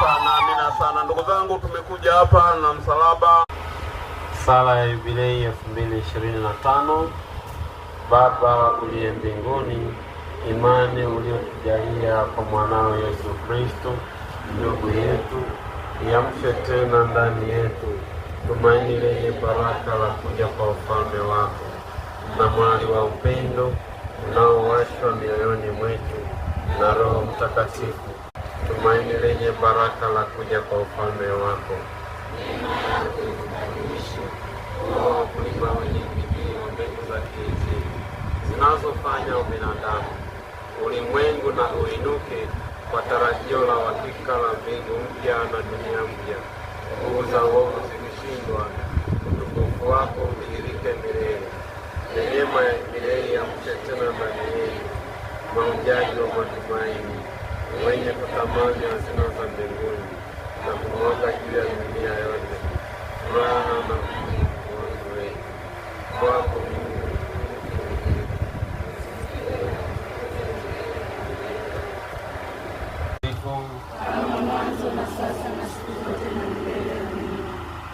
sana, amina sana. Ndugu zangu, tumekuja hapa na msalaba, sala ya Yubilei 2025. Baba uliye mbinguni, imani uliyotujalia kwa mwanao Yesu Kristo ndugu yetu, iamshe tena ndani yetu tumaini lenye baraka la kuja kwa ufalme wako na mwali wa upendo unaowashwa mioyoni mwetu na Roho Mtakatifu tumaini lenye baraka la kuja kwa ufalme wako. Neema yako kuwa wakulima wenye bidii wa mbegu za kiinjili zinazofanya ubinadamu, ulimwengu na uinuke kwa tarajio la uhakika la mbingu mpya na dunia mpya. Nguvu za uovu zilishindwa, utukufu wako udhihirike milele. Neema ya milele ya mshe tena na milele, maujaji wa matumaini wenye kutamani hazina za mbinguni na kungoja juu ya dunia yote furaha na mwokozi wetu kwako Mungu.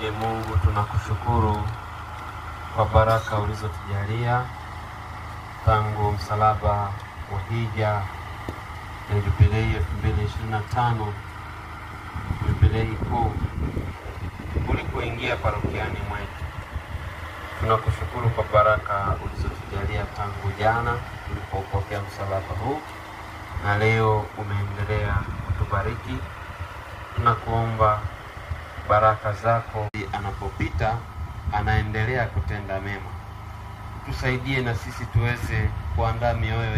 E Mungu, tunakushukuru kwa baraka ulizotujalia tangu msalaba wa hija ya jubilei tano jubilei kuu ulipoingia parokiani mwetu. Tunakushukuru kwa baraka ulizotujalia tangu jana ulipopokea msalaba huu na leo umeendelea kutubariki. Tunakuomba baraka zako, anapopita anaendelea kutenda mema. Tusaidie na sisi tuweze kuandaa mioyo